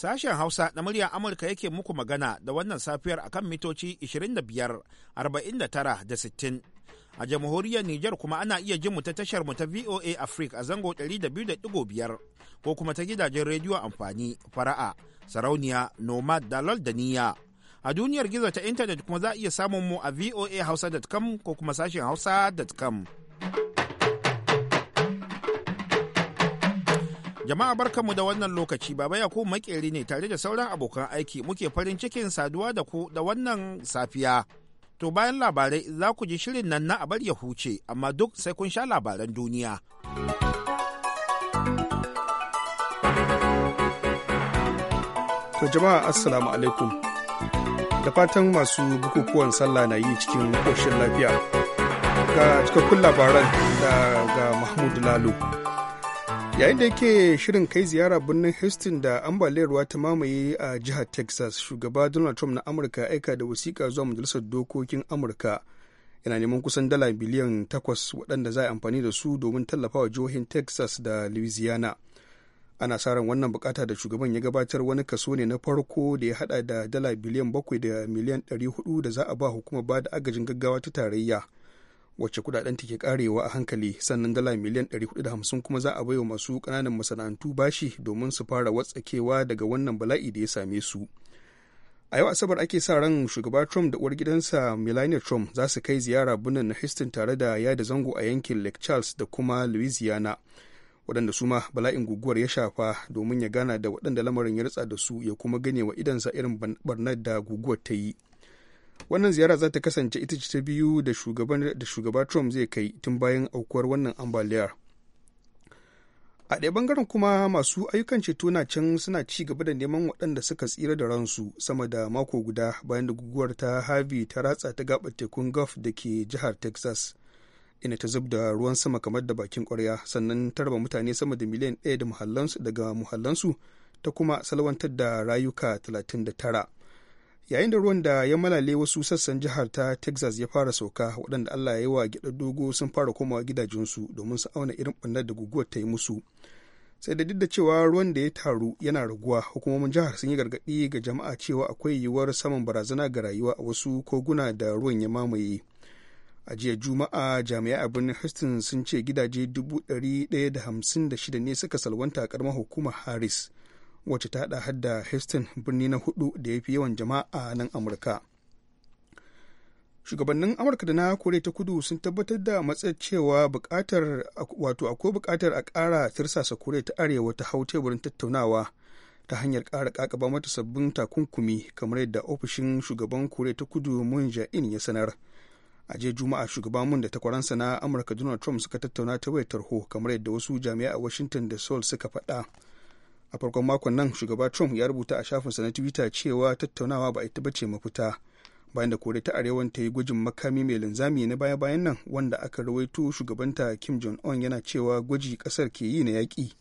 Sashen Hausa na murya Amurka yake muku magana da wannan safiyar akan mitoci 25, arba'in da 60. A jamhuriyar Nijar kuma ana iya jin mu ta tashar mu ta VOA Africa a zango 200.5 ko kuma ta gidajen rediyo amfani fara'a, sarauniya, nomad da da niyya. A duniyar gizo ta intanet kuma za a iya samun mu a voahausa.com ko kuma sashen hausa.com. Jama'a barka mu da wannan lokaci Baba Yakubu makeri ne tare da sauran abokan aiki muke farin cikin saduwa da ku da wannan safiya. To bayan labarai za ku ji shirin nan na abar ya huce amma duk sai kun sha labaran duniya. To jama'a assalamu alaikum. Da fatan masu bukukuwan sallah na yi cikin koshin lafiya. Ga cikakkun labaran daga Mahmud Lalo. yayin da yake shirin kai ziyara birnin houston da ambaliyar ta mamaye a jihar texas shugaba donald trump na amurka aika da wasiƙa zuwa majalisar dokokin amurka yana neman kusan dala biliyan takwas waɗanda za a amfani da su domin tallafawa jihohin texas da louisiana ana sa ran wannan bukata da shugaban ya gabatar wani kaso ne na farko da ya hada da dala biliyan bakwai da miliyan ɗari hudu da za a ba hukumar ba da agajin gaggawa ta tarayya wacce kudaden ke karewa a hankali sannan dala miliyan 450 kuma za a baiwa masu kananan masana'antu bashi domin su fara watsakewa daga wannan bala'i da ya same su a yau asabar ake sa ran shugaba trump da uwar gidansa melania trump za su kai ziyara birnin na houston tare da yada zango a yankin lake charles da kuma louisiana waɗanda su ma bala'in guguwar ya shafa domin ya gana da waɗanda lamarin ya ritsa da su ya kuma gane wa idansa irin barnar da guguwar ta yi wannan ziyara za ta kasance ita ce ta biyu da da shugaba trump zai kai tun bayan aukuwar wannan ambaliyar a ɗaya bangaren kuma masu ayyukan ceto na can suna ci gaba da neman waɗanda suka tsira da ransu sama da mako guda bayan da guguwar ta harvey ta ratsa ta gaɓar tekun gulf da ke jihar texas ina ta zub da ruwan sama kamar da bakin ƙwarya sannan ta raba mutane sama da miliyan ɗaya da muhallansu daga muhallansu ta kuma salwantar da rayuka 39 yayin da ruwan da ya malale wasu sassan jihar ta texas ya fara sauka waɗanda allah ya yi wa gidan dogo sun fara komawa gidajensu domin su auna irin ɓannar da guguwar ta yi musu sai da duk da cewa ruwan da ya taru yana raguwa hukumomin jihar sun yi gargaɗi ga jama'a cewa akwai yiwuwar saman barazana ga rayuwa a wasu koguna da ruwan ya mamaye a jiya juma'a jami'a a birnin houston sun ce gidaje 156 ne suka salwanta a karamar hukumar harris wacce ta hada hadda houston birni na hudu da ya fi yawan jama'a nan amurka shugabannin amurka da na kore ta kudu sun tabbatar da matsayar cewa bukatar wato akwai bukatar a kara tirsasa kore ta arewa ta hau teburin tattaunawa ta hanyar kara kakaba mata sabbin takunkumi kamar yadda ofishin shugaban kore ta kudu jae in ya sanar a jiya juma'a shugaban mun da takwaransa na amurka donald trump suka tattauna ta wayar tarho kamar yadda wasu jami'a a washington da seoul suka faɗa a farkon makon nan shugaba trump ya rubuta a shafinsa na twitter cewa tattaunawa ba ita bace mafita bayan da kore ta arewan ta yi gwajin makami mai linzami na baya-bayan nan wanda aka rawaito shugabanta kim jong un yana cewa gwaji kasar ke yi na yaƙi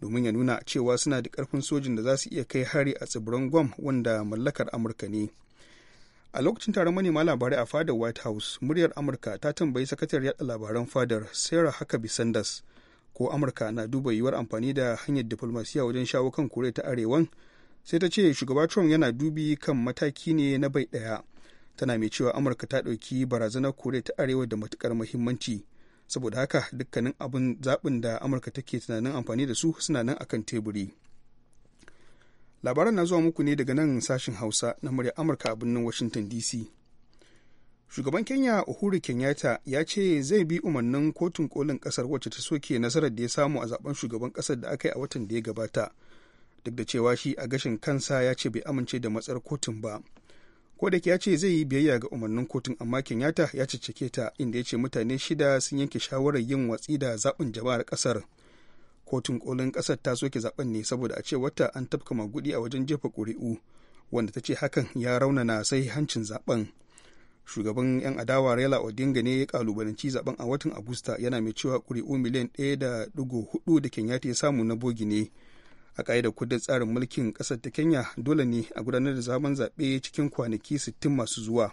domin ya nuna cewa suna da karfin sojin da za su iya kai hari a tsibiran gwam wanda mallakar amurka ne a lokacin taron manema labarai a fadar white house muryar amurka ta tambayi sakatariyar labaran fadar sarah huckabee sanders ko amurka na duba yiwuwar amfani da hanyar diflomasiya wajen shawo kan koriya ta arewan sai ta ce shugaba trump yana dubi kan mataki ne na bai daya tana mai cewa amurka ta ɗauki barazanar koriya ta arewa da matukar muhimmanci saboda haka dukkanin abin zaɓin da amurka take tunanin amfani da su suna nan akan teburi labaran na zuwa muku ne daga nan sashin hausa na murya amurka a birnin washington dc shugaban kenya uhuru kenyatta ya ce zai bi umarnin kotun kolin kasar wacce ta soke nasarar da ya samu a zaben shugaban kasar da aka yi a watan da ya gabata duk da cewa shi a gashin kansa ya ce bai amince da matsar kotun ba ko da ya ce zai yi biyayya ga umarnin kotun amma kenyatta ya ciccike ta inda ya ce mutane shida sun yanke shawarar yin watsi da zaben jama'ar kasar kotun kolin kasar ta soke zaben ne saboda a ce wata an tafka magudi a wajen jefa kuri'u wanda ta ce hakan ya raunana sai hancin zaben shugaban 'yan adawa raila odinga ne ya kalubalanci zaben a watan agusta yana mai cewa kuri'u miliyan 1.4 da kenyatta ya samu na bogi ne a ƙa'idar kudin tsarin mulkin ƙasar ta kenya dole ne a gudanar da zaman zaɓe cikin kwanaki 60 masu zuwa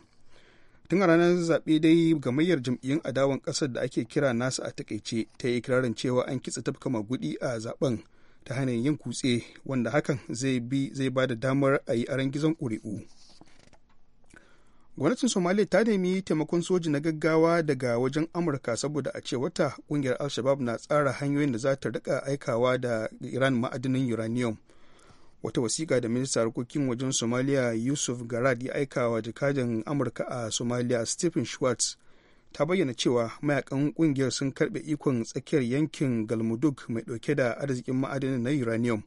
tun a ranar zaɓe dai gamayyar jam'iyyun adawan ƙasar da ake kira nasa a takaice ta yi ikirarin cewa an kitsa tafka magudi a zaben ta hanyar yin kutse wanda hakan zai bi zai ba da damar a yi aron gizon kuri'u. gwamnatin somaliya ta nemi taimakon soji na gaggawa daga wajen amurka saboda a ce wata kungiyar al-shabab na tsara hanyoyin da za ta rika aikawa da iran ma'adinin uranium wata wasiƙa da minista harkokin wajen somaliya yusuf garad ya aika wa jakadan amurka a somaliya stephen schwartz ta bayyana cewa mayakan kungiyar sun karbe ikon tsakiyar yankin galmudug mai dauke da arzikin ma'adinin na uranium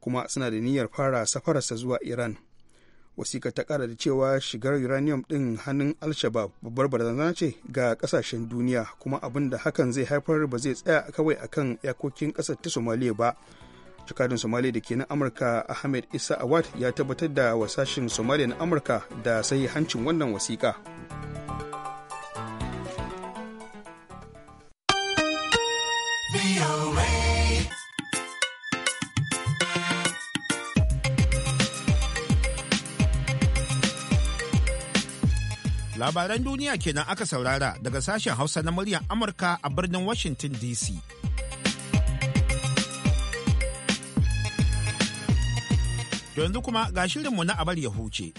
kuma suna da niyyar fara safararsa zuwa iran wasika ta kara da cewa shigar uranium din hannun al-shabab babbar barazana ce ga kasashen duniya kuma abin da hakan zai haifar ba zai tsaya kawai akan yakokin kasar ta somaliya ba jakadun somaliya da ke na amurka ahmed isa awad ya tabbatar da wasashin somaliya na amurka da sai hancin wannan wasiƙa Labaran duniya kenan aka saurara daga sashen Hausa na muryar Amurka a birnin Washington DC. To Yanzu kuma ga shirinmu na abar ya huce.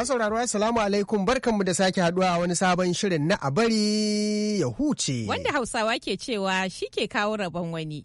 Masu sauraro assalamu alaikum barkanmu da sake haduwa a wani sabon shirin na abari ya huce. Wanda Hausawa ke cewa shi ke kawo rabon wani.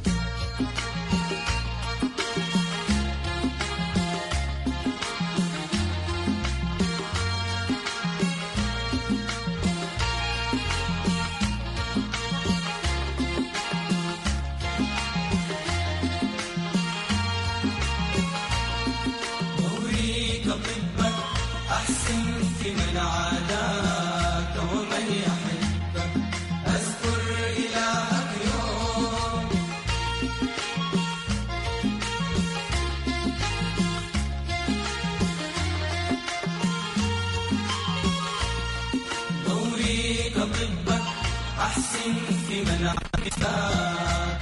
منك من عاداك ومن يحبك أذكر إلهك يوم دوري كطبك أحسن في من عاداك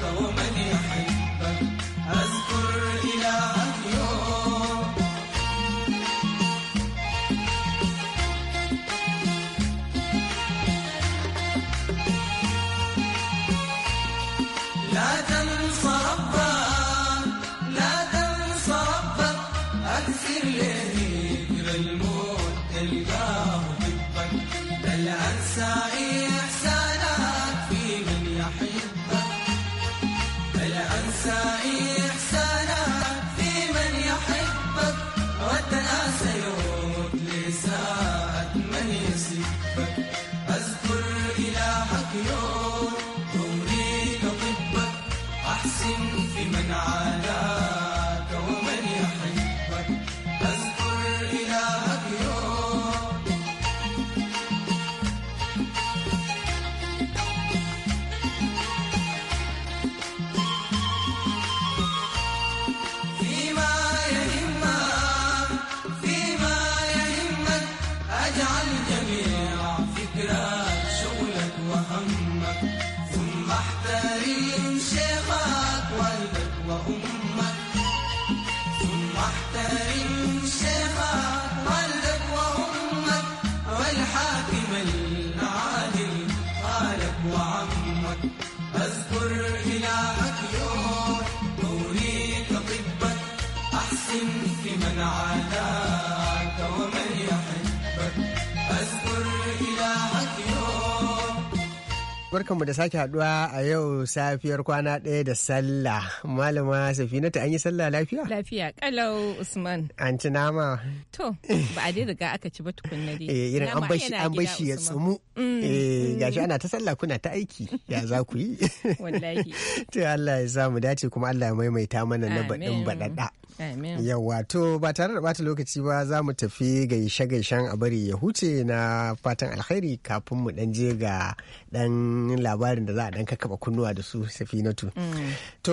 barkanmu da sake haduwa a yau safiyar kwana ɗaya da sallah malama ta an yi sallah lafiya lafiya kalau usman an ci nama to ba a dai riga aka ci ba tukunna dai eh irin an bashi an bashi ya tsumu mm, eh mm. shi ana ta sallah kuna ta aiki ya za ku yi wallahi to Allah ya sa mu dace kuma Allah ya maimaita mana na baɗin baɗaɗa Yawwa to ba tare da bata lokaci ba za mu tafi gaishe-gaishen a bari ya huce na fatan alkhairi kafin mu dan je ga dan labarin da za a dan kakaba kunnuwa da su safinatu. Mm. To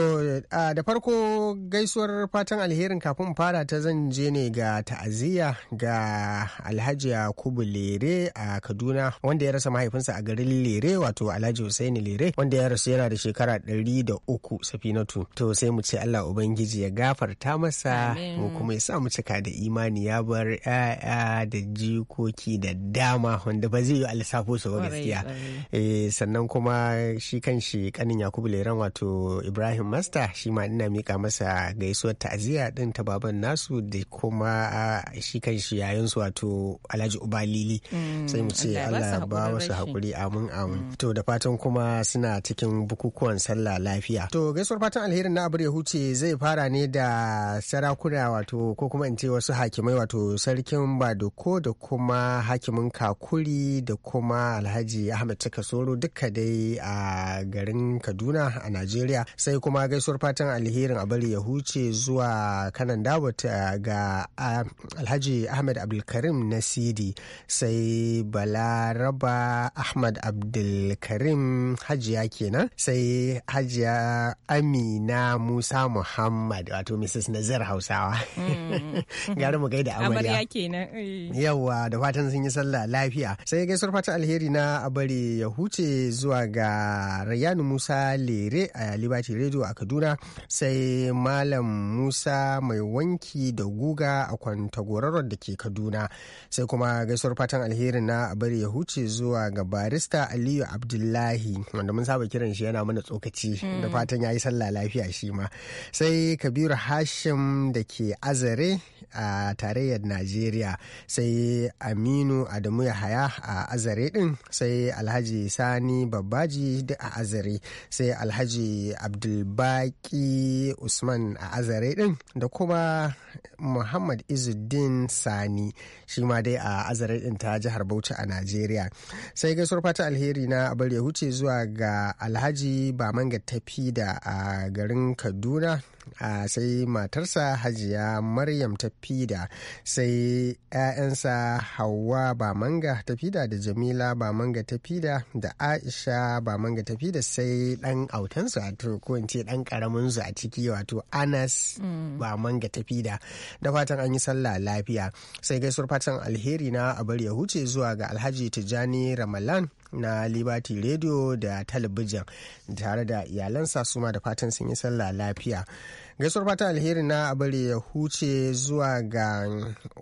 da farko gaisuwar fatan alherin kafin fara ta zan je ne ga ta'aziyya ga Alhaji Yakubu Lere a Kaduna wanda ya rasa mahaifinsa a garin Lere wato Alhaji Hussaini Lere wanda ya rasu yana da shekara ɗari da uku safinatu. To sai mu ce Allah Ubangiji ya gafarta masa masa mu kuma ya samu mu cika da imani ya bar ‘ya'ya da jikoki da dama wanda ba zai yi alisafo su ba gaskiya eh, sannan kuma shi kan shi kanin yakubu leran wato ibrahim masta shi ma ina mika masa gaisuwar ta'aziyya din ta baban nasu da kuma ah, shi kan shi yayin su wato alhaji ubalili mm, sai mu ce allah ba wasu hakuri amin amin mm. to da fatan kuma suna cikin bukukuwan sallah lafiya to gaisuwar fatan alherin na abu ya huce zai fara ne da sarakuna wato ko kuma in ce wasu hakimai wato sarkin baduko da kuma hakimin kakuri da kuma alhaji ahmed cika soro duka dai a garin kaduna a najeriya sai kuma gaisuwar fatan alherin a bari ya huce zuwa kanan dawut eh, ga alhaji ahmed abdulkarim na sidi sai balaraba ahmed abdulkarim hajiya kenan sai hajiya amina musa muhammad wato mrs ta'aziyar hausawa mm. gari mu gaida amarya kenan eh. yawa da fatan sun yi sallah lafiya sai gaisuwar fatan alheri na abari ya huce zuwa ga rayanu musa lere a liberty radio a kaduna sai malam musa mai wanki da guga a kwantagororon da ke kaduna sai kuma gaisuwar fatan alheri na abari ya huce zuwa ga barista aliyu abdullahi wanda mun saba kiran shi yana mana tsokaci da mm. fatan ya yi sallah lafiya shi ma sai kabiru hashim Gusum da ke Azare a tarayyar Najeriya sai Aminu Adamu Yahaya a Azare din sai Alhaji Sani Babbaji a Azare sai Alhaji Abdulbaki Usman a Azare din da kuma Muhammad Izuddin Sani shi ma dai a Azare din ta jihar Bauchi a Najeriya sai gaisuwar fata alheri na abar ya huce zuwa ga Alhaji Bamanga Tafi da a garin Kaduna a sai matarsa hajiya maryam tafida sai 'ya'yansa hawa ba manga tafida da jamila ba manga tafida da aisha ba manga tafida sai dan autansu a ko in ce dan karamin su a ciki wato anas mm. ba manga tafida da fatan an yi sallah lafiya sai gaisuwar fatan alheri na a bari ya huce zuwa ga alhaji tijani ramalan na liberty radio da talabijin tare da iyalansa suma da fatan sun yi sallah lafiya gaisuwar fatan alheri na abare ya huce zuwa ga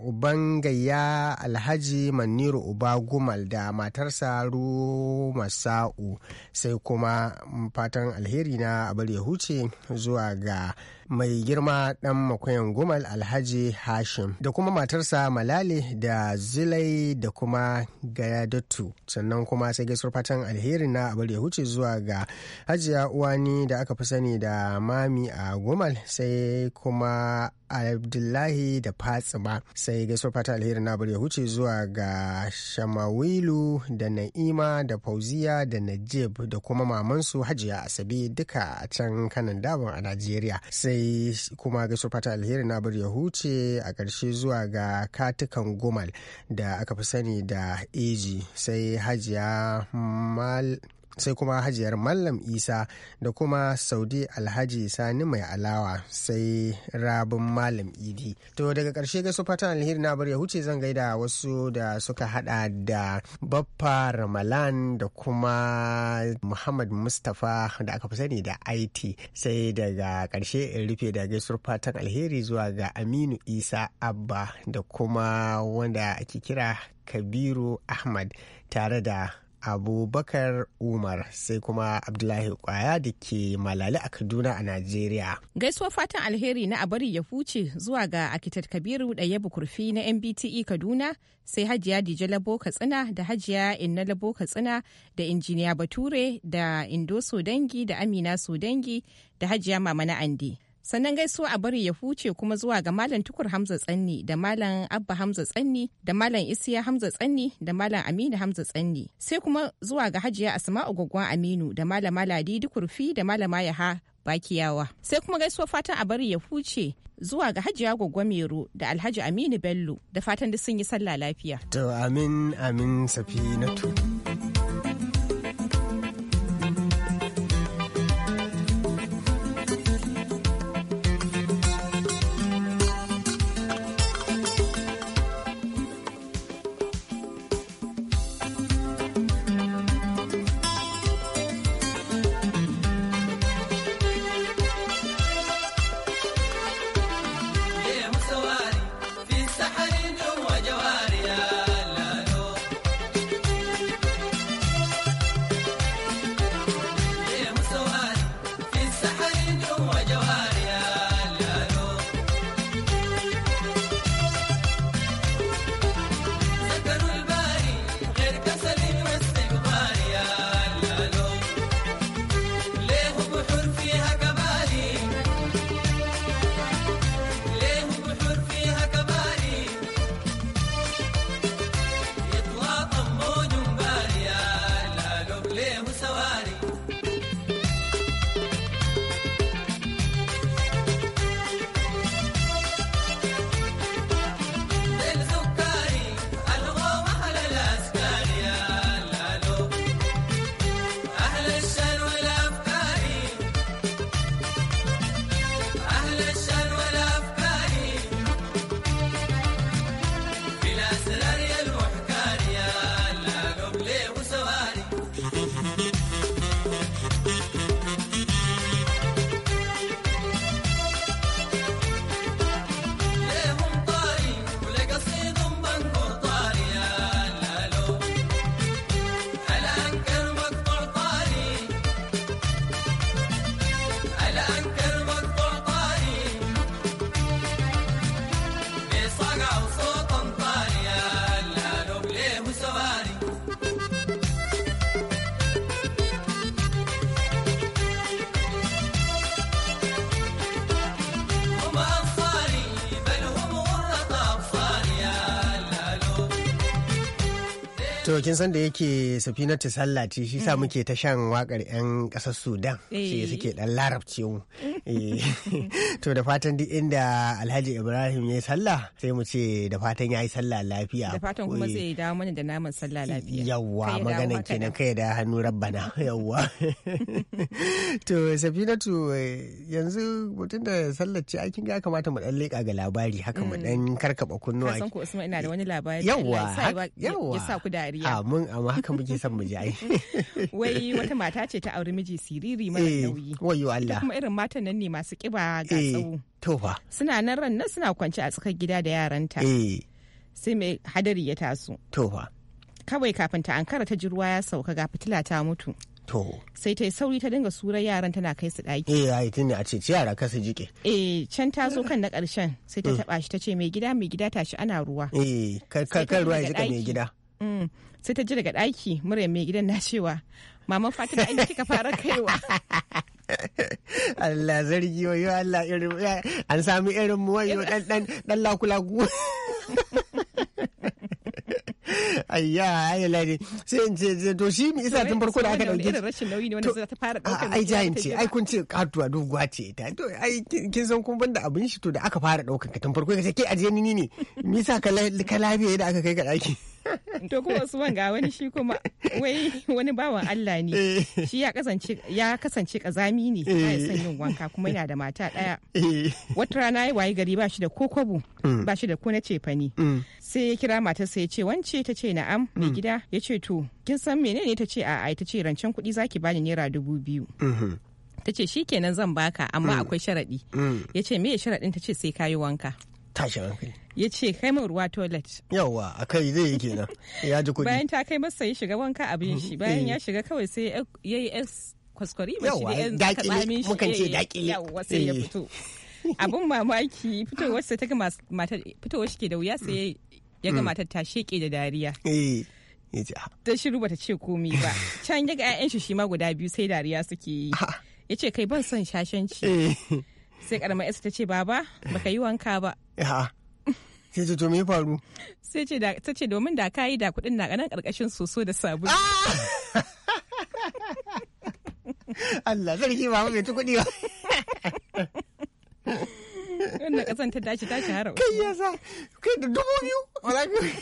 uban gayya alhaji maniru uba gumal da matarsa ruma sa'u sai kuma fatan alheri na abare ya huce zuwa ga mai girma dan makoyan gumal alhaji hashim da kuma matarsa malale da zilai da kuma gayadattu sannan kuma sai gaisuwar fatan alheri na abare ya huce zuwa ga hajiya uwani da aka fi sani da mami a gumal sai kuma abdullahi da fatsima sai gaisuwar fata alheri na ya huce zuwa ga shamawilu da na'ima da fauziya da najib da kuma mamansu hajiya asabi duka a can kanan dabon a najeriya sai kuma gaisuwar fata alheri na ya huce a ƙarshe zuwa ga katukan Gumal da aka fi sani da eji sai hajiya mal sai kuma hajiyar mallam isa da kuma saudi alhaji sani mai alawa sai rabin malam idi to daga karshe gaisu fatan alheri na bar ya huce zan gaida wasu da suka hada da baffa ramalan da kuma muhammad mustapha da aka fi sani da it sai daga karshe in rufe da gaisu fatan alheri zuwa ga aminu isa abba da kuma wanda ake kira kabiru ahmad tare da abubakar umar sai kuma abdullahi kwaya da ke malali a kaduna a najeriya gaisuwar fatan alheri na abari ya huce zuwa ga akitat kabiru da yabu kurfi na mbte kaduna sai hajiya dije labo katsina da hajiya inna labo katsina da injiniya bature da indo sodangi da amina sodangi da hajiya mama na sannan gaisuwa a bari ya huce kuma zuwa ga malam tukur hamza tsanni da malam abba hamza tsanni da malam isiya hamza tsanni da malam aminu hamza tsanni sai kuma zuwa ga hajiya asma'u gwaggwan aminu da malama ladi dukurfi da malama yaha bakiyawa sai kuma gaisuwa fatan a bari ya huce zuwa ga hajiya gwaggwa mero da alhaji aminu bello da fatan da sun yi sallah lafiya to amin amin safi na tuni. kin san da yake safina ta ce shi sa mm. muke ta shan wakar yan kasar sudan shi eh. suke dan larabci mu eh. to da fatan duk inda alhaji ibrahim ya yi sallah sai mu ce da fatan ya yi sallah lafiya da fatan kuma sai ya dawo mana da naman sallah lafiya yawwa magana kenan kai da hannu rabbana yawwa to safinatu yanzu mutum da sallar ce kin ga kamata mu dan leka ga labari haka mu dan mm. karkaba kunnuwa san ko usman ina da wani labari yawwa yawwa ya sa ku dariya mun amma haka muke son mu ji wai wata mata ce ta auri miji siriri mara eh, nauyi wayo Allah kuma irin matan nan ne masu kiba ga eh, tsawo suna nan ran nan suna kwance a tsakar gida da yaranta eh. sai mai hadari ya taso tofa kawai kafin ta ankara ta ji ruwa ya sauka ga fitila ta mutu To. Sai ta yi sauri ta dinga surar yaran tana kai su daki. Eh, ai tunda a ce yara ka su jike. Eh, can ta zo kan na karshen sai ta mm. taba shi ta ce mai gida mai gida tashi ana ruwa. Eh, kai ruwa ya jika mai gida. Mm. sai ta ji daga ɗaki mura mai gidan na cewa maman fatima inda kika fara kaiwa Allah zargi wayo Allah irin an sami irin wayo dan dan dan lakulaku ayya ayya lari sai in ce to shi mi isa tun farko da aka dauke ta rashin nauyi ne wanda za ta fara daukar ai jayin ce ai kun ce katuwa doguwa ce ta to ai kin san kun banda abin shi to da aka fara daukar ka tun farko ka ce ke aje ni ne mi isa ka lafiya da aka kai ka daki to kuma Usman ga wani shi kuma wai wani bawan Allah ne eh. shi ya kasance ya kasance kazami ne ya son yin wanka kuma yana da mata daya eh. wata rana ya wayi gari ba shi da kokobu mm. ba shi da ko na cefani mm. sai ya kira matarsa ya ce wance ta ce na'am mai mm. gida ya ce to kin san menene ta ce a'a ta ce rancen kuɗi zaki bani naira dubu biyu mm-hmm. ta ce shi kenan zan baka amma akwai sharaɗi ya ce me sharaɗin ta ce sai kayi wanka ya ce kai mai ruwa toilet yawa a kai zai yi kenan ya ji kudi. bayan ta kai masa ya shiga wanka abin shi mhm. bayan eh. ya shiga kawai sai ya yi kwaskwari ba shi da yan zaka eh, tsamin shi yawa sai ya eh. fito abun mamaki fitowar sa ta ga matar fitowar shi ke da wuya sai ya ga mm. matar ta sheke da dariya ah. ta shiru bata ce komi ba can ya ga 'ya'yan shi ma guda biyu sai dariya suke yi ya ce kai ban son shashanci sai karamar yarsa ta ce baba baka yi wanka ba Ke ce to me faru? Sai ce ta ce domin da ka yi da kuɗin na kanan ƙarƙashin soso da sabulu. Ah! Allah sarki ba mai bai ci kuɗi ba. Wannan kasan ta dace ta shahara. Kai yasa kai da dubu biyu wala biyu.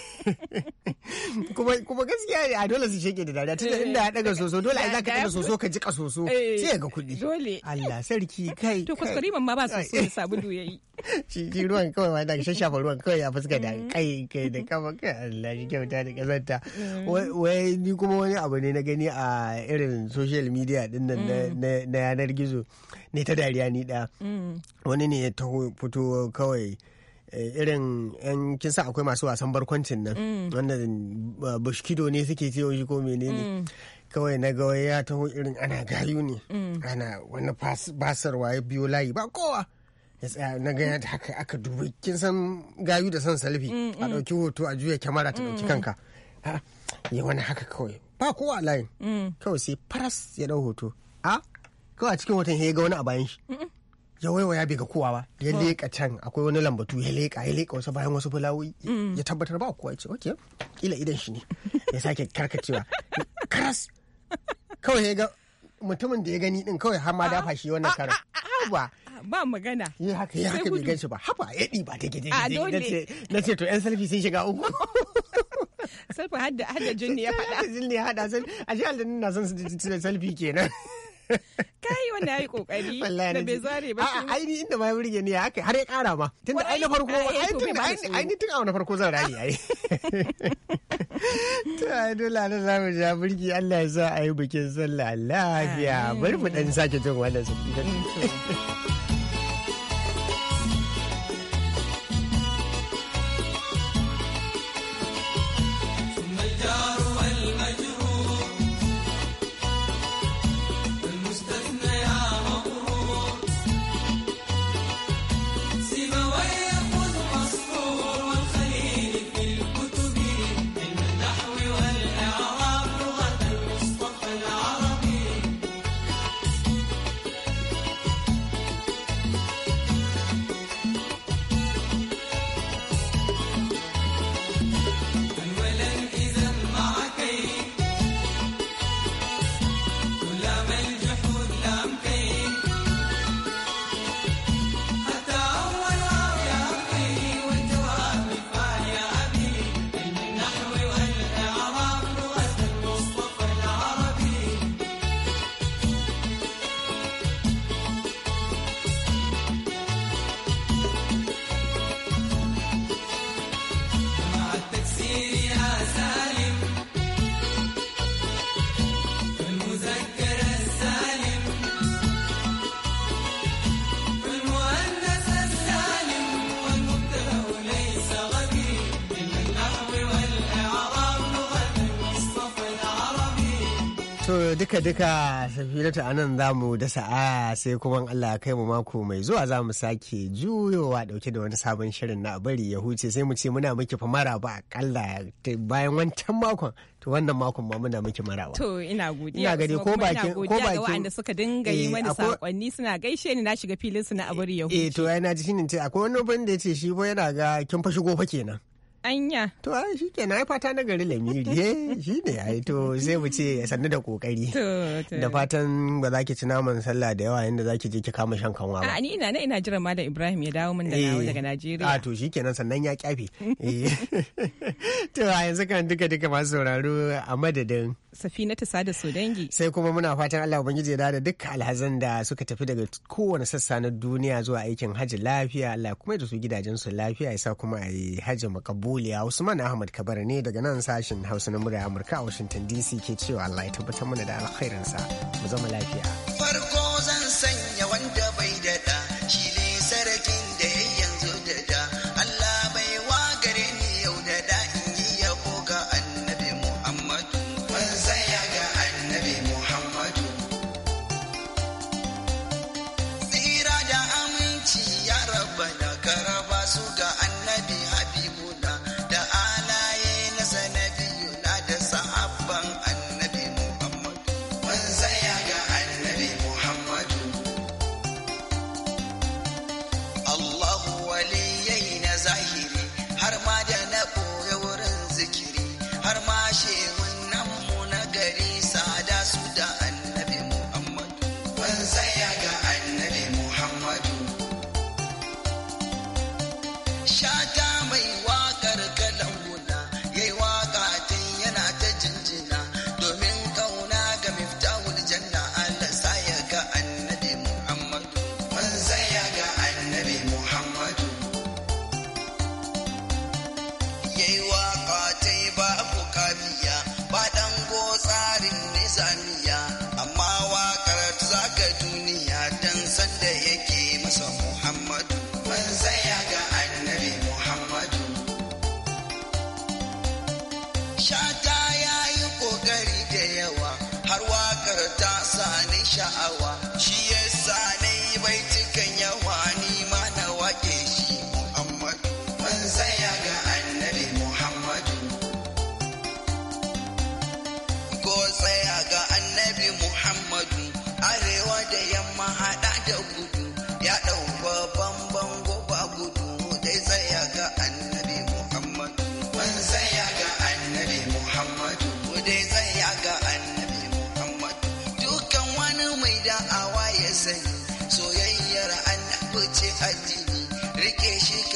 kuma kuma gaskiya ne a dole su sheke da dariya da eh, inda ya daga soso dole a zaka daga soso ka jika soso eh, sai ga kuɗi dole Allah sarki kai to kuskure ma ba soso da sabulu yayi shi ji ruwan kawai ma daga shashafa ruwan kawai a fuska da eh. kai kai da kama kai Allah shi kyauta da kasanta wai ni kuma wani abu ne na gani a irin social media din nan mm. na yanar gizo ne ta dariya ni da mm. wani ne ya taho fito kawai Eh, irin yan kinsa akwai masu wasan barkwancin nan mm. wanda bashkido ne suke ce shi ko menene mm. kawai na gawai ya taho irin ana gayu ne mm. ana wani basarwa ya biyo layi ba kowa ya tsaya na ga haka aka dubi kin san gayu da san salfi a ɗauki hoto a juya kyamara ta ɗauki kanka ya wani haka kawai ba kowa layin kawai sai faras ya ɗau hoto a kawai cikin hoton ya ga wani a bayan shi ya waiwaya bai ga kowa ba ya hmm. leka can akwai wani lambatu ya leka ya leka wasu bayan wasu fulawoyi ya tabbatar ba kowa ya ce oke kila idan shi ne ya sake karkacewa karas kawai ya ga mutumin da ya gani din kawai har ma ah, dafa shi wannan ah, kara ah, ba ba magana ya haka ya haka bai gan shi ba haba ya ba ta gidi na ce to yan selfie sun shiga uku selfie hadda hadda jinni ya faɗa jinni ya haɗa a jihar da nuna son selfie kenan kai wanda yi kokari da bai zare ba A ai inda ma burge ni haka har ya kara ma tunda ai na farko ai ni tun a na farko zan rayi ai to ai dole na zamu ja burge Allah ya sa ayi bikin sallah lafiya bari mu dan sake jin wannan mm, sabbi duka-duka safiratu a nan za mu da sa'a sai kuma Allah kai mu mako mai zuwa za mu sake juyowa dauke da wani sabon shirin na bari ya huce sai mu ce muna miki fa maraba akalla bayan wancan makon to wannan makon ma muna miki maraba to ina godiya ina gode ko bakin ko bakin wanda suka dinga yi eh, mani sakonni suna gaishe ni na shiga filin su na abari ya huce eh to yana ji shine ce akwai wani wanda ya ce shi ba yana ga kin fa shigo fa kenan anya to ai shi ke na fata na gari lamiri eh shi ne ai to sai mu ce sannu da kokari da fatan ba za ki ci naman sallah da yawa inda za ki je ki kama shan kanwa ba a ni ina na ina jiran malam Ibrahim ya dawo min da eh. nawo daga Najeriya a ah, to shi kenan sannan ya kyafe eh. to a yanzu kan duka duka masu sauraro a madadin safina ta sada su dangi sai kuma muna fatan Allah ubangiji ya da duka alhazan da suka tafi daga kowane sassa na duniya zuwa aikin hajji lafiya Allah kuma da su gidajen su lafiya ya sa kuma a yi hajji makabbu Auliya Usman Ahmad kabar ne daga nan sashen Hausa na murya Amurka a Washington DC ke cewa Allah ya tabbatar mana da alkhairinsa mu zama lafiya. sha'awa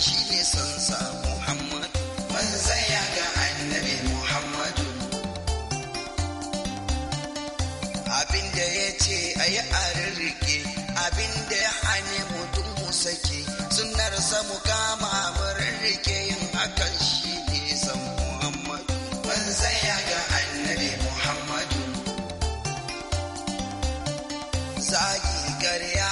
shine son sa Muhammadu manzan ya ga annabi Muhammadu abinda ya ce a yi arin rike abinda ya hane mutum mu sake sunarsa mu kama mu rike yin hakan shi ne san Muhammadu manzan ya ga annabi Muhammadu zagi garya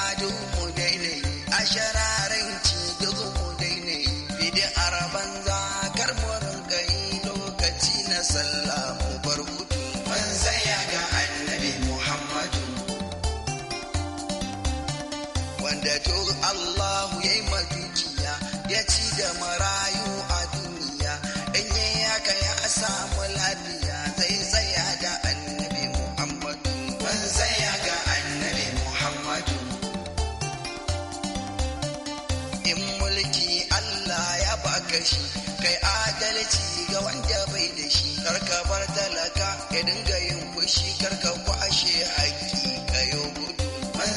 karka bar talaka ya dinga yin fushi karka kwashe haƙƙi ka yi gudu ban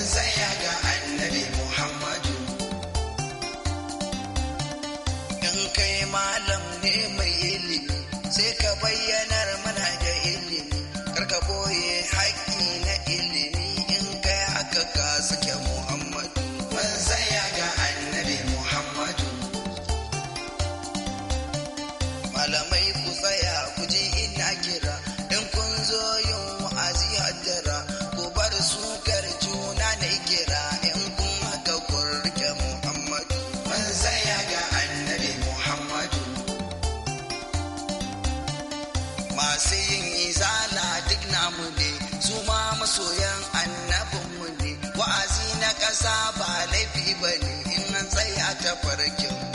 ga annabi muhammadu in kai malam ne mai ilimi sai ka bayyanar mana da ilimi karka boye haƙi na ilimi mafarkin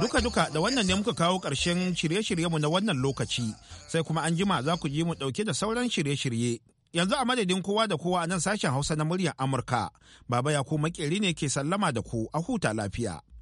duka-duka da wannan ne muka kawo ƙarshen shirye-shiryenmu na wannan lokaci sai kuma an jima za ku ji mu ɗauke da sauran shirye-shirye yanzu a madadin kowa da kowa a nan sashen hausa na muryar amurka baba ya ku makeri ne ke sallama da ku a huta lafiya